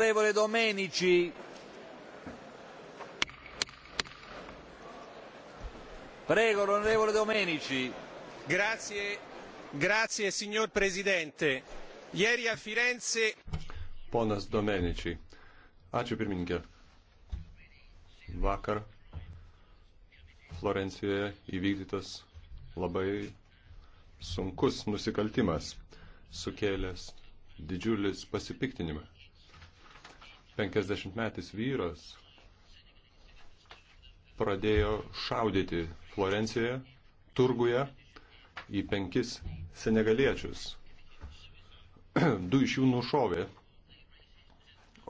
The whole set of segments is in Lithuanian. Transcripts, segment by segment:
Onorevole Domenici. Prego, onorevole Domenici. Grazie, grazie signor Presidente. Ieri a Firenze. Ponas Domenici. Ačiū pirmininkė. Vakar Florencijoje įvykdytas labai sunkus nusikaltimas, sukėlęs didžiulis pasipiktinimas 50-metis vyras pradėjo šaudyti Florencijoje, turguje į penkis senegaliečius. Du iš jų nušovė,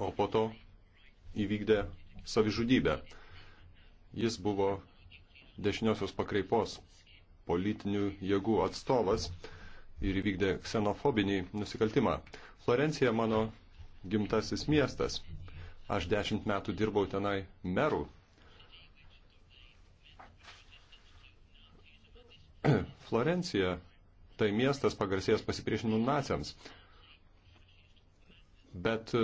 o po to įvykdė savižudybę. Jis buvo dešiniosios pakreipos politinių jėgų atstovas ir įvykdė ksenofobinį nusikaltimą. Florencija mano gimtasis miestas. Aš dešimt metų dirbau tenai merų. Florencija tai miestas pagarsėjęs pasipriešinimu naciams. Bet e,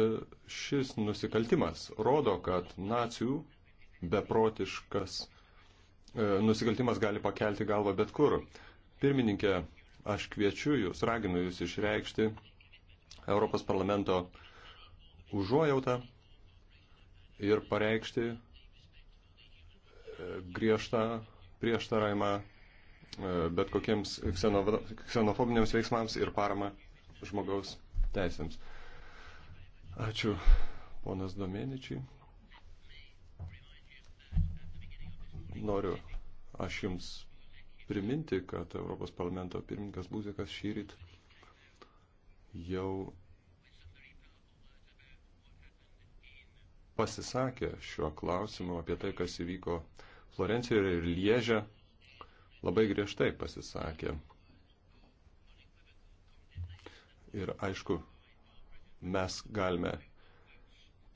šis nusikaltimas rodo, kad nacijų beprotiškas e, nusikaltimas gali pakelti galvą bet kur. Pirmininkė, aš kviečiu jūs, raginu jūs išreikšti Europos parlamento užuojautą ir pareikšti e, griežtą prieštaravimą e, bet kokiems ksenofobiniams veiksmams ir paramą žmogaus teisėms. Ačiū, ponas Domeničiai. Noriu aš jums priminti, kad Europos parlamento pirmininkas Būzikas šyrit jau pasisakė šiuo klausimu apie tai, kas įvyko Florencijoje ir Liežė, labai griežtai pasisakė. Ir aišku, mes galime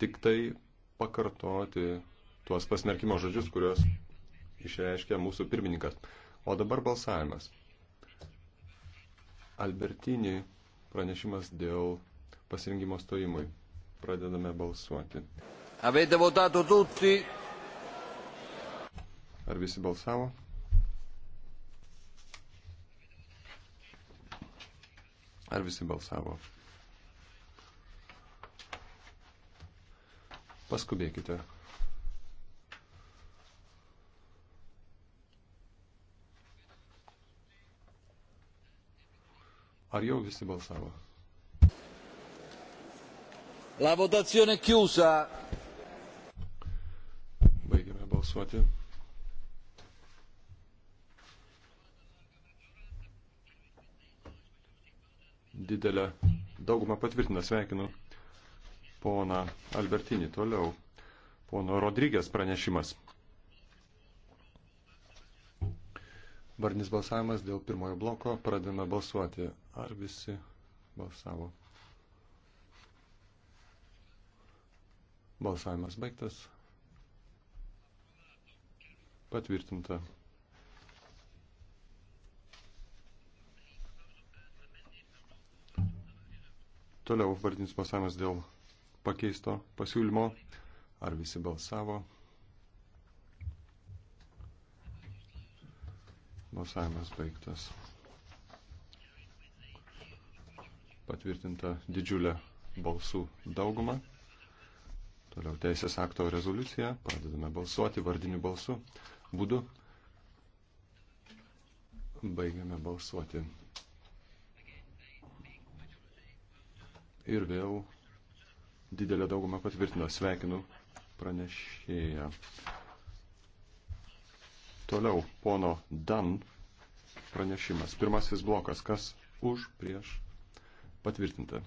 tik tai pakartoti tuos pasmerkimo žodžius, kuriuos išreiškė mūsų pirmininkas. O dabar balsavimas. Albertinį pranešimas dėl pasirinkimo stojimui. Pradedame balsuoti. Avete votato tutti? Ar visi balsavo? Ar visi balsavo? Paskubėkite. Ar jau visi balsavo? La votazione è chiusa balsuoti. Didelę daugumą patvirtina sveikinu pona Albertinį toliau. Pono Rodrygės pranešimas. Varnis balsavimas dėl pirmojo bloko. Pradame balsuoti. Ar visi balsavo? Balsavimas baigtas. Patvirtinta. Toliau vardinis balsavimas dėl pakeisto pasiūlymo. Ar visi balsavo? Balsavimas baigtas. Patvirtinta didžiulė balsų dauguma. Toliau teisės akto rezoliucija. Pradedame balsuoti vardiniu balsu būdu. Baigiame balsuoti. Ir vėl didelė dauguma patvirtino. Sveikinu pranešėją. Toliau pono Dan pranešimas. Pirmasis blokas. Kas už prieš patvirtinta?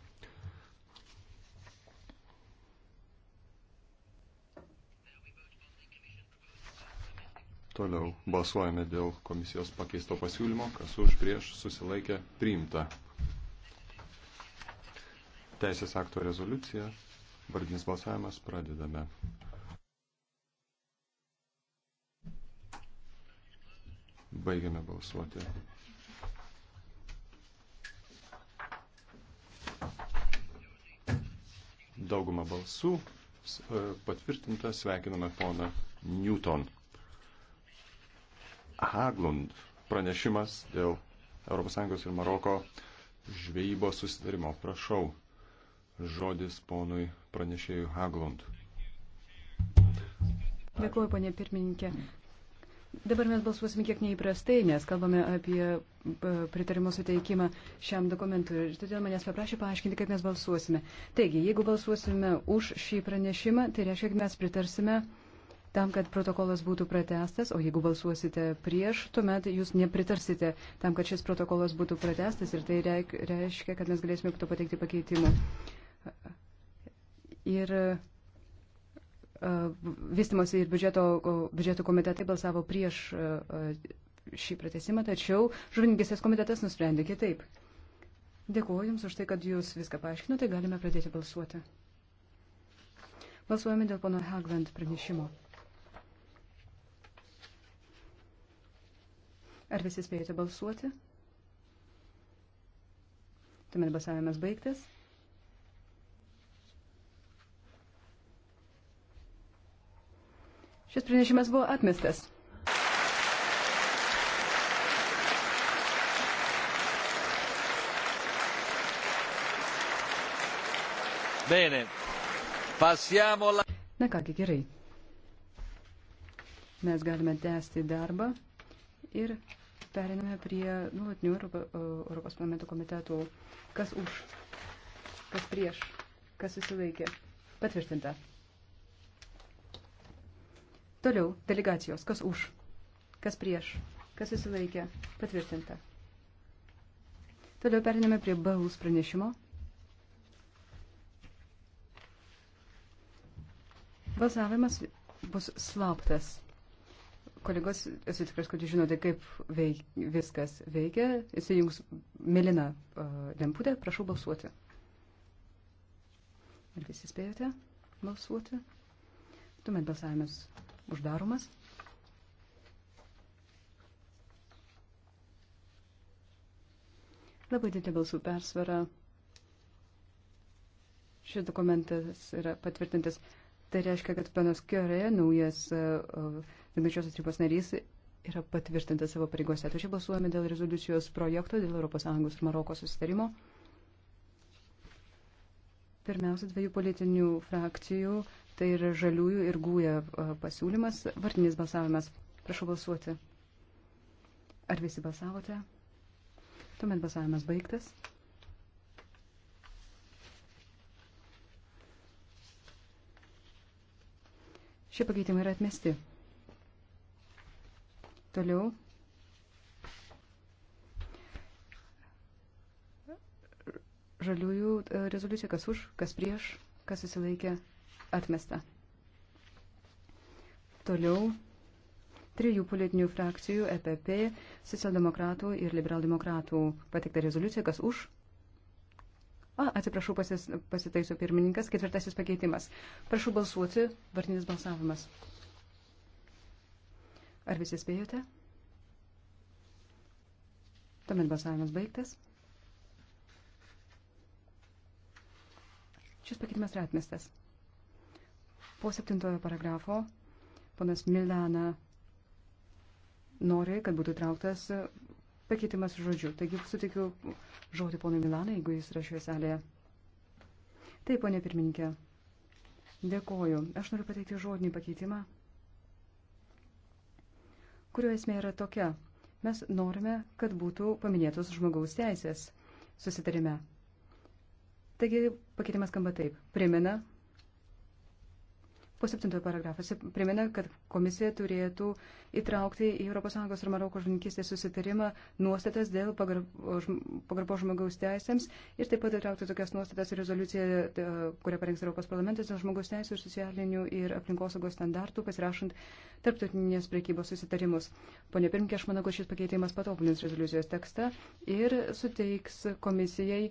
Toliau balsuojame dėl komisijos pakeisto pasiūlymo, kas už prieš susilaikė priimta. Teisės akto rezoliucija, vardinis balsavimas, pradedame. Baigiame balsuoti. Dauguma balsų e, patvirtinta, sveikiname poną Newton. Haglund pranešimas dėl ES ir Maroko žvejybos susitarimo. Prašau, žodis ponui pranešėjui Haglund. Dėkuoju, ponė pirmininkė. Dabar mes balsuosime kiek neįprastai, nes kalbame apie pritarimo suteikimą šiam dokumentui. Ir todėl manęs paprašė paaiškinti, kaip mes balsuosime. Taigi, jeigu balsuosime už šį pranešimą, tai reiškia, kad mes pritarsime uh, tam, kad protokolas būtų pratestas, o jeigu balsuosite prieš, tuomet jūs nepritarsite tam, kad šis protokolas būtų pratestas ir tai reiškia, kad mes galėsime to pateikti pakeitimų. Ir vystimosi ir biudžeto, biudžeto komitetai balsavo prieš šį pratesimą, tačiau žuvininkistės komitetas nusprendė kitaip. Dėkuoju Jums už tai, kad Jūs viską paaiškinote, galime pradėti balsuoti. Balsuojame dėl pono Hagland pranešimo. Ar visi spėjote balsuoti? Tuomet balsavimas baigtas. Šis pranešimas buvo atmestas. Bene. Passiamo la... Na kągi, gerai. Mes galime tęsti darbą ir Periname prie nuolatinių e, Europos parlamento komitetų. Kas už, kas prieš, kas susilaikė. Patvirtinta. Toliau delegacijos. Kas už, kas prieš, kas susilaikė. Patvirtinta. Toliau periname prie balus pranešimo. Balsavimas bus slaptas. Kolegos, esu tikras, kad jūs žinote, kaip veik, viskas veikia. Įsijungs melina uh, lemputė, prašau balsuoti. Ar visi spėjote balsuoti? Tuomet balsavimas uždaromas. Labai didelė balsų persvara. Šis dokumentas yra patvirtintas. Tai reiškia, kad panas Kiorė, naujas uh, Dvimečiosios tarybos narys yra patvirtintas savo pareigose. Tačiau balsuojame dėl rezoliucijos projekto, dėl ES ir Maroko susitarimo. Pirmiausia, dviejų politinių frakcijų, tai yra žaliųjų ir gūja pasiūlymas, vartinis balsavimas. Prašau balsuoti. Ar visi balsavote? Tuomet balsavimas baigtas. Šie pakeitimai yra atmesti. Toliau. Žaliųjų e, rezoliucija, kas už, kas prieš, kas susilaikė, atmesta. Toliau trijų politinių frakcijų EPP, socialdemokratų ir liberaldemokratų pateikta rezoliucija, kas už. A, atsiprašau, pasis, pasitaiso pirmininkas, ketvirtasis pakeitimas. Prašau balsuoti, vartinis balsavimas. Ar visi spėjote? Tuomet balsavimas baigtas. Šis pakeitimas yra atmestas. Po septintojo paragrafo ponas Milana nori, kad būtų trauktas pakeitimas žodžiu. Taigi sutikiu žodį ponui Milanai, jeigu jis yra šioje salėje. Taip, ponė pirmininkė, dėkoju. Aš noriu pateikti žodinį pakeitimą kurio esmė yra tokia. Mes norime, kad būtų paminėtos žmogaus teisės susitarime. Taigi pakeitimas skamba taip. Primena, Po septintojo paragrafas primena, kad komisija turėtų įtraukti į ES ir Maroko žininkistės susitarimą nuostatas dėl pagarbos žmogaus teisėms ir taip pat įtraukti tokias nuostatas į rezoliuciją, kurią parengs Europos parlamentas dėl žmogaus teisų ir socialinių ir aplinkosaugos standartų, pasirašant tarptautinės priekybos susitarimus. Pone pirmkė, aš manau, kad šis pakeitimas patobulins rezoliucijos tekstą ir suteiks komisijai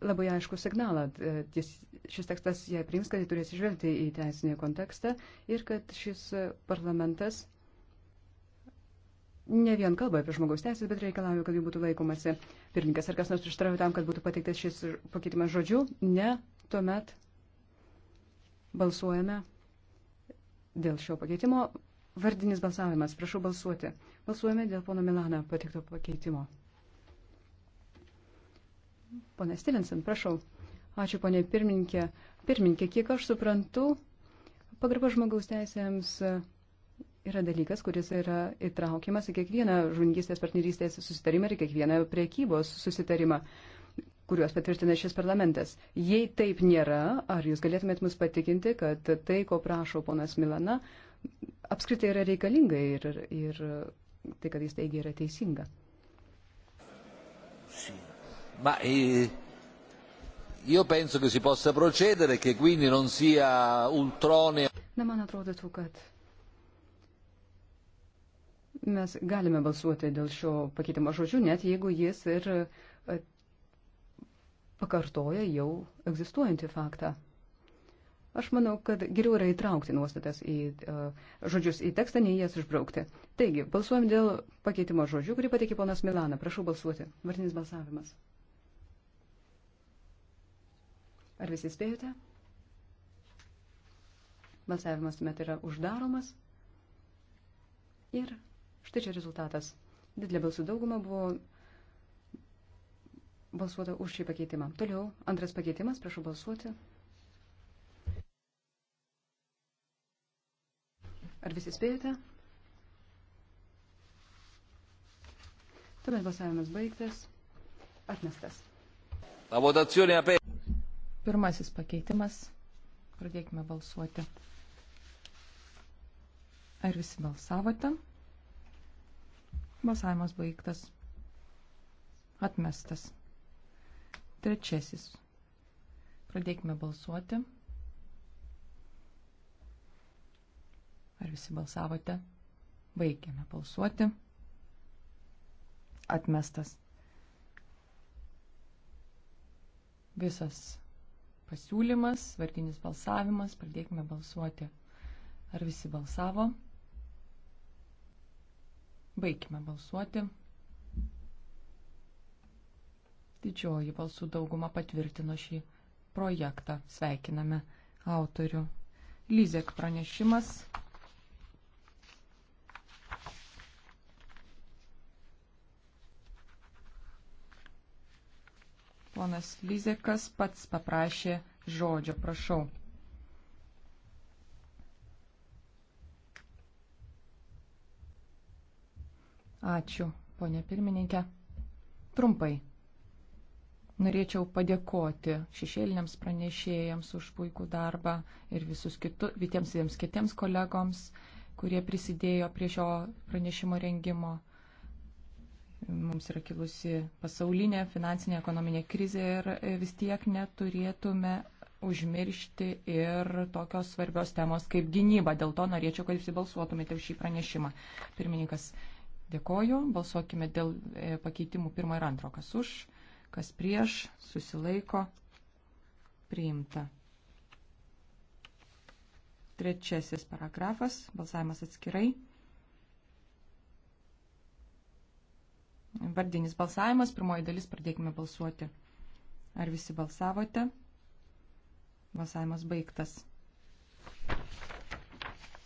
labai aišku signalą. E, jis, šis tekstas, jei priims, kad jį turės išvelgti į teisinį kontekstą ir kad šis parlamentas ne vien kalba apie žmogaus teisės, bet reikalauja, kad jų būtų laikomasi. Pirmininkas, ar kas nors prieštarauja tam, kad būtų pateiktas šis pakeitimas žodžiu? Ne, tuomet balsuojame dėl šio pakeitimo. Vardinis balsavimas, prašau balsuoti. Balsuojame dėl pono Milano pateikto pakeitimo. Pane Stevenson, prašau. Ačiū, ponė pirmininkė. Pirmininkė, kiek aš suprantu, pagarba žmogaus teisėms e, yra dalykas, kuris yra įtraukiamas į kiekvieną žungystės partnerystės susitarimą ir kiekvieną priekybos susitarimą kuriuos patvirtina šis parlamentas. Jei taip nėra, ar jūs galėtumėt mus patikinti, kad tai, ko prašo ponas Milana, apskritai yra reikalinga ir, ir tai, kad jis teigia, yra teisinga? Sí. Ma eh, io penso che si possa procedere e che quindi non sia ultroneo. Na, man atrodytų, kad mes galime balsuoti dėl šio pakeitimo žodžių, net jeigu jis ir e, pakartoja jau egzistuojantį faktą. Aš manau, kad geriau yra įtraukti nuostatas į uh, žodžius į tekstą, nei jas išbraukti. Taigi, balsuojam dėl pakeitimo žodžių, kurį pateikė ponas Milana. Prašau balsuoti. Vartinis balsavimas. Ar visi spėjote? Balsavimas tuomet yra uždaromas. Ir štai čia rezultatas. Didelė balsų dauguma buvo balsuota už šį pakeitimą. Toliau, antras pakeitimas, prašau balsuoti. Ar visi spėjote? Tuomet balsavimas baigtas. Atmestas. La votazione aperta. Pirmasis pakeitimas. Pradėkime balsuoti. Ar visi balsavote? Balsavimas baigtas. Atmestas. Trečiasis. Pradėkime balsuoti. Ar visi balsavote? Baigėme balsuoti. Atmestas. Visas pasiūlymas, vardinis balsavimas, pradėkime balsuoti. Ar visi balsavo? Baigime balsuoti. Didžioji balsų dauguma patvirtino šį projektą. Sveikiname autorių. Lyzek pranešimas Ponas Lyzekas pats paprašė žodžio, prašau. Ačiū, ponė pirmininkė. Trumpai. Norėčiau padėkoti šešėliniams pranešėjams už puikų darbą ir visus kitu, visiems kitiems kolegoms, kurie prisidėjo prie šio pranešimo rengimo. Mums yra kilusi pasaulinė finansinė ekonominė krizė ir e, vis tiek neturėtume užmiršti ir tokios svarbios temos kaip gynyba. Dėl to norėčiau, kad jūs balsuotumėte už šį pranešimą. Pirmininkas, dėkoju. Balsuokime dėl e, pakeitimų pirmo ir antro. Kas už, kas prieš, susilaiko, priimta. Trečiasis paragrafas, balsavimas atskirai. Vardinis balsavimas, pirmoji dalis, pradėkime balsuoti. Ar visi balsavote? Balsavimas baigtas.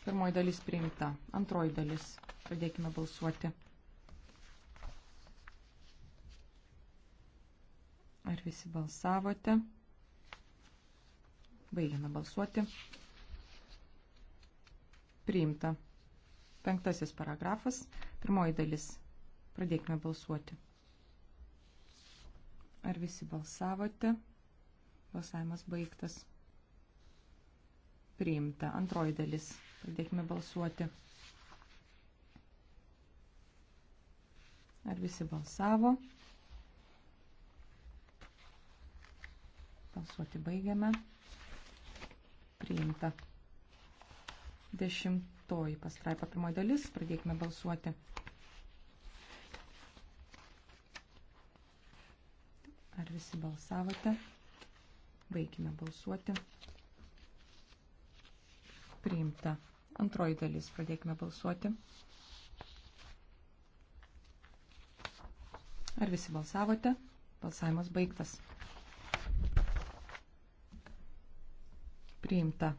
Pirmoji dalis priimta. Antroji dalis. Pradėkime balsuoti. Ar visi balsavote? Baigiame balsuoti. Priimta. Penktasis paragrafas. Pirmoji dalis. Pradėkime balsuoti. Ar visi balsavote? Balsavimas baigtas. Priimta. Antroji dalis. Pradėkime balsuoti. Ar visi balsavo? Balsuoti baigiame. Priimta. Dešimtoji pastraipa pirmoji dalis. Pradėkime balsuoti. visi balsavote. Baigime balsuoti. Priimta. Antroji dalis. Pradėkime balsuoti. Ar visi balsavote? Balsavimas baigtas. Priimta.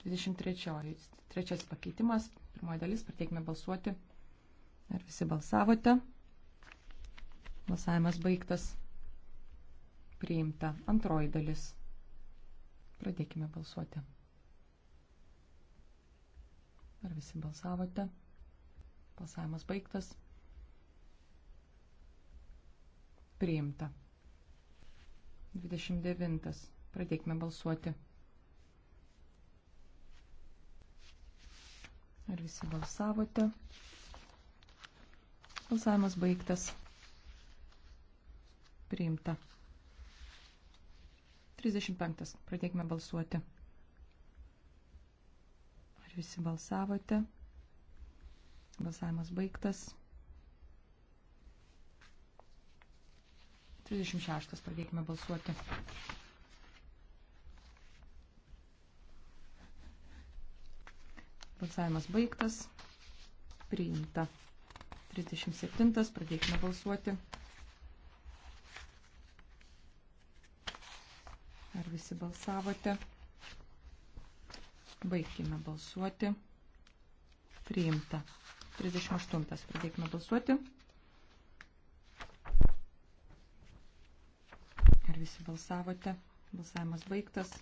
23. Trečias pakeitimas. Pirmoji dalis. Pradėkime balsuoti. Ar visi balsavote? Balsavimas baigtas. Priimta. Antroji dalis. Pradėkime balsuoti. Ar visi balsavote? Balsavimas baigtas. Priimta. 29. Pradėkime balsuoti. Ar visi balsavote? Balsavimas baigtas. Priimta. 35. Pradėkime balsuoti. Ar visi balsavote? Balsavimas baigtas. 36. Pradėkime balsuoti. Balsavimas baigtas. Priimta. 37. Pradėkime balsuoti. visi balsavote. Baigkime balsuoti. Priimta. 38. Pradėkime balsuoti. Ar visi balsavote? Balsavimas baigtas.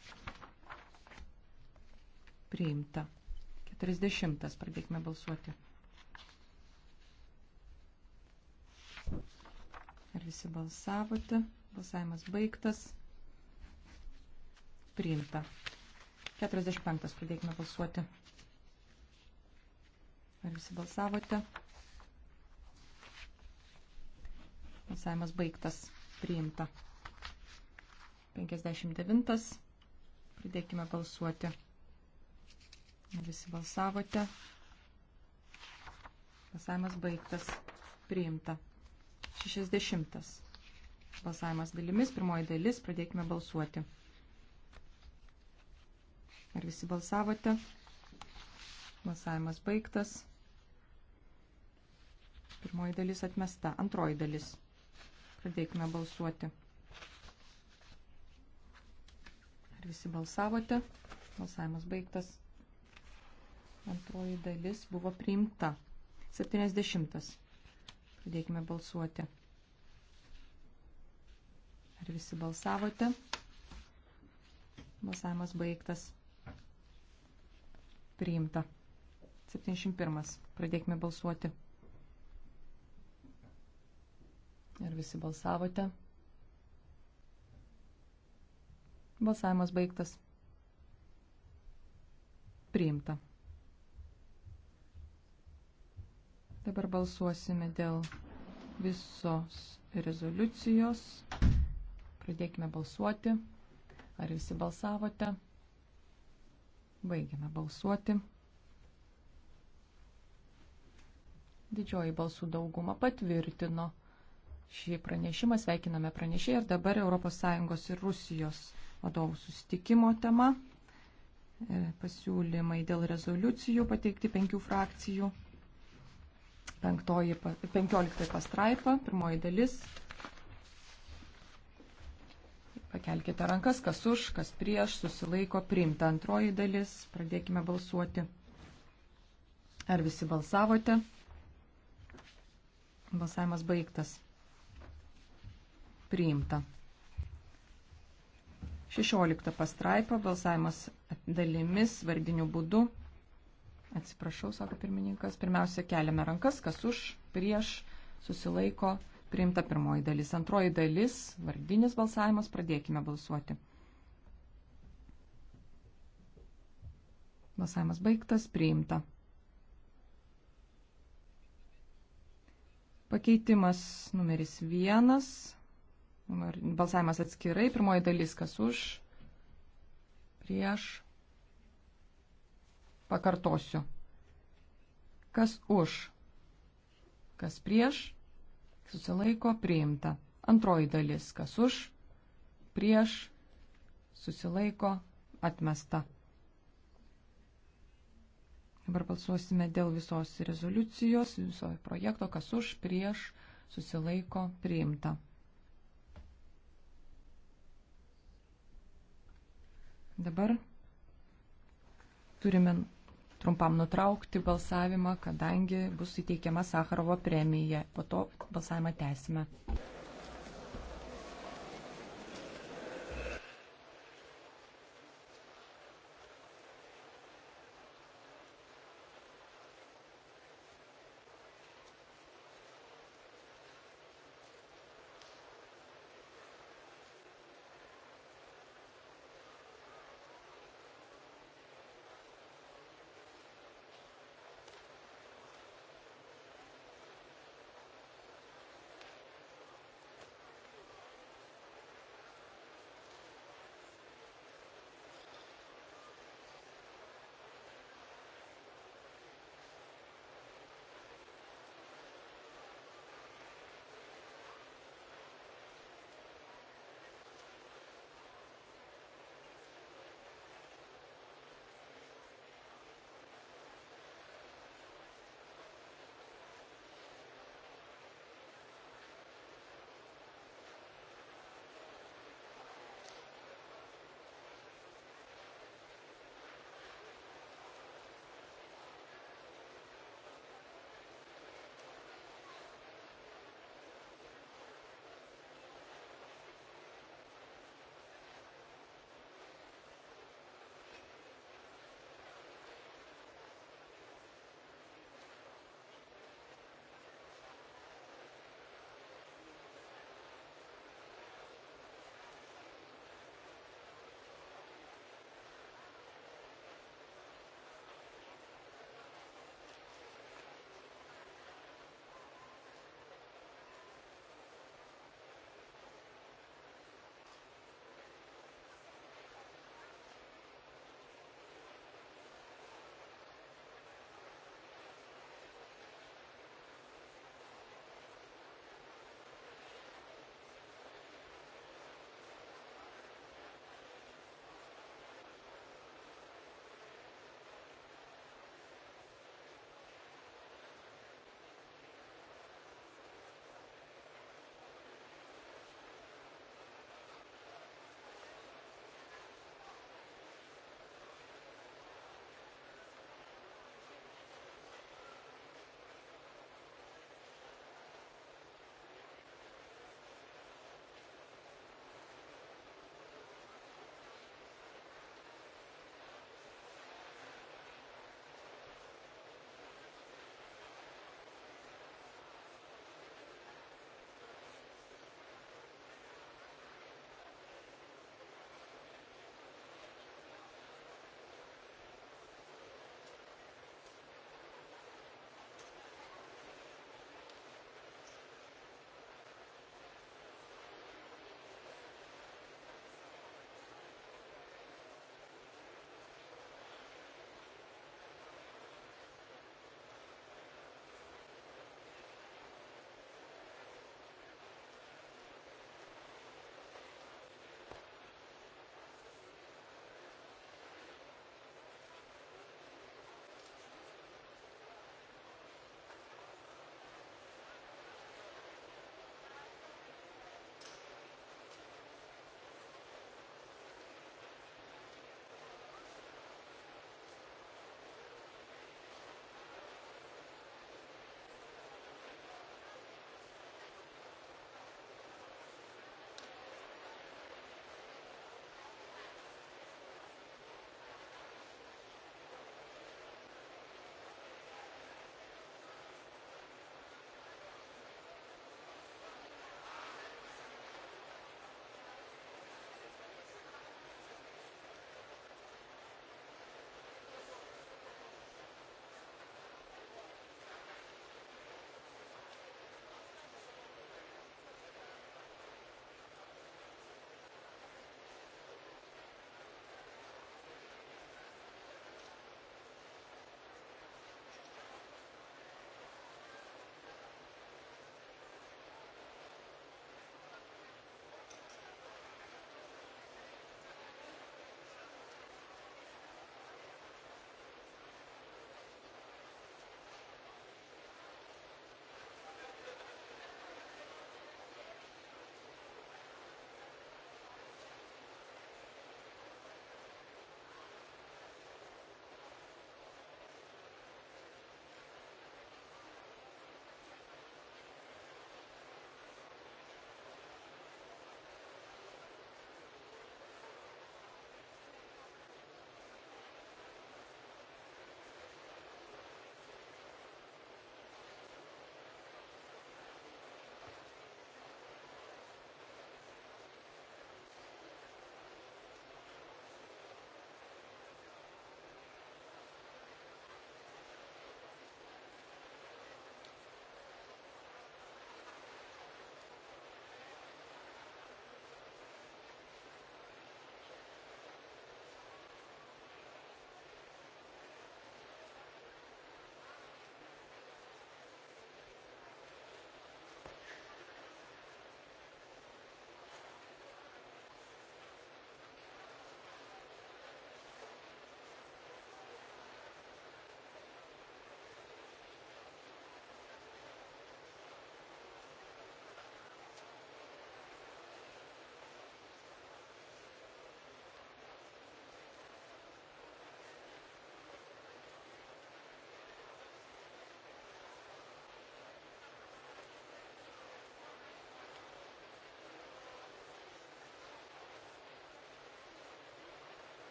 Priimta. 40. Pradėkime balsuoti. Ar visi balsavote? Balsavimas baigtas priimta. 45 pradėkime balsuoti. Ar visi balsavote? Balsavimas baigtas. Priimta. 59. Pradėkime balsuoti. Ar visi balsavote? Balsavimas baigtas. Priimta. 60. Balsavimas dalimis. Pirmoji dalis. Pradėkime balsuoti. Ar visi balsavote? Balsavimas baigtas. Pirmoji dalis atmesta. Antroji dalis. Pradėkime balsuoti. Ar visi balsavote? Balsavimas baigtas. Antroji dalis buvo priimta. 70. Pradėkime balsuoti. Ar visi balsavote? Balsavimas baigtas. Priimta. 71. Pradėkime balsuoti. Ir visi balsavote. Balsavimas baigtas. Priimta. Dabar balsuosime dėl visos rezoliucijos. Pradėkime balsuoti. Ar visi balsavote? Baigiame balsuoti. Didžioji balsų dauguma patvirtino šį pranešimą. Sveikiname pranešėją ir dabar ES ir Rusijos vadovų sustikimo tema. E, pasiūlymai dėl rezoliucijų pateikti penkių frakcijų. Penktoji, penkioliktoji pastraipa, pirmoji dalis. Pakelkite rankas, kas už, kas prieš, susilaiko, priimta antroji dalis. Pradėkime balsuoti. Ar visi balsavote? Balsavimas baigtas. Priimta. 16 pastraipa, balsavimas dalimis, vardiniu būdu. Atsiprašau, sako pirmininkas. Pirmiausia, keliame rankas, kas už, prieš, susilaiko, priimta Priimta pirmoji dalis. Antroji dalis, vardinis balsavimas, pradėkime balsuoti. Balsavimas baigtas, priimta. Pakeitimas numeris vienas. Balsavimas atskirai. Pirmoji dalis, kas už, prieš. Pakartosiu. Kas už, kas prieš susilaiko priimta. Antroji dalis, kas už, prieš, susilaiko atmesta. Dabar balsuosime dėl visos rezoliucijos, viso projekto, kas už, prieš, susilaiko priimta. Dabar turime trumpam nutraukti balsavimą, kadangi bus įteikiama Sakarovo premija. Po to balsavimą tęsime.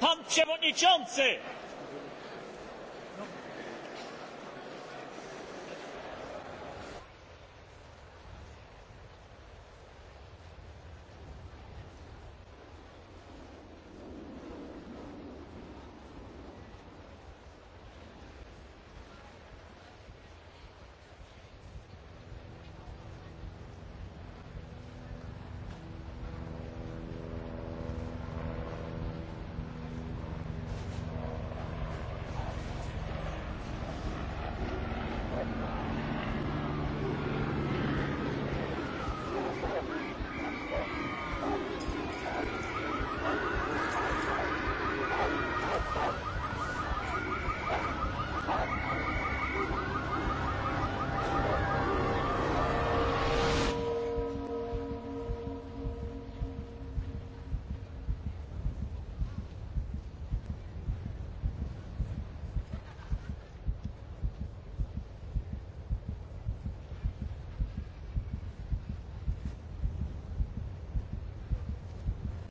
Pan Przewodniczący!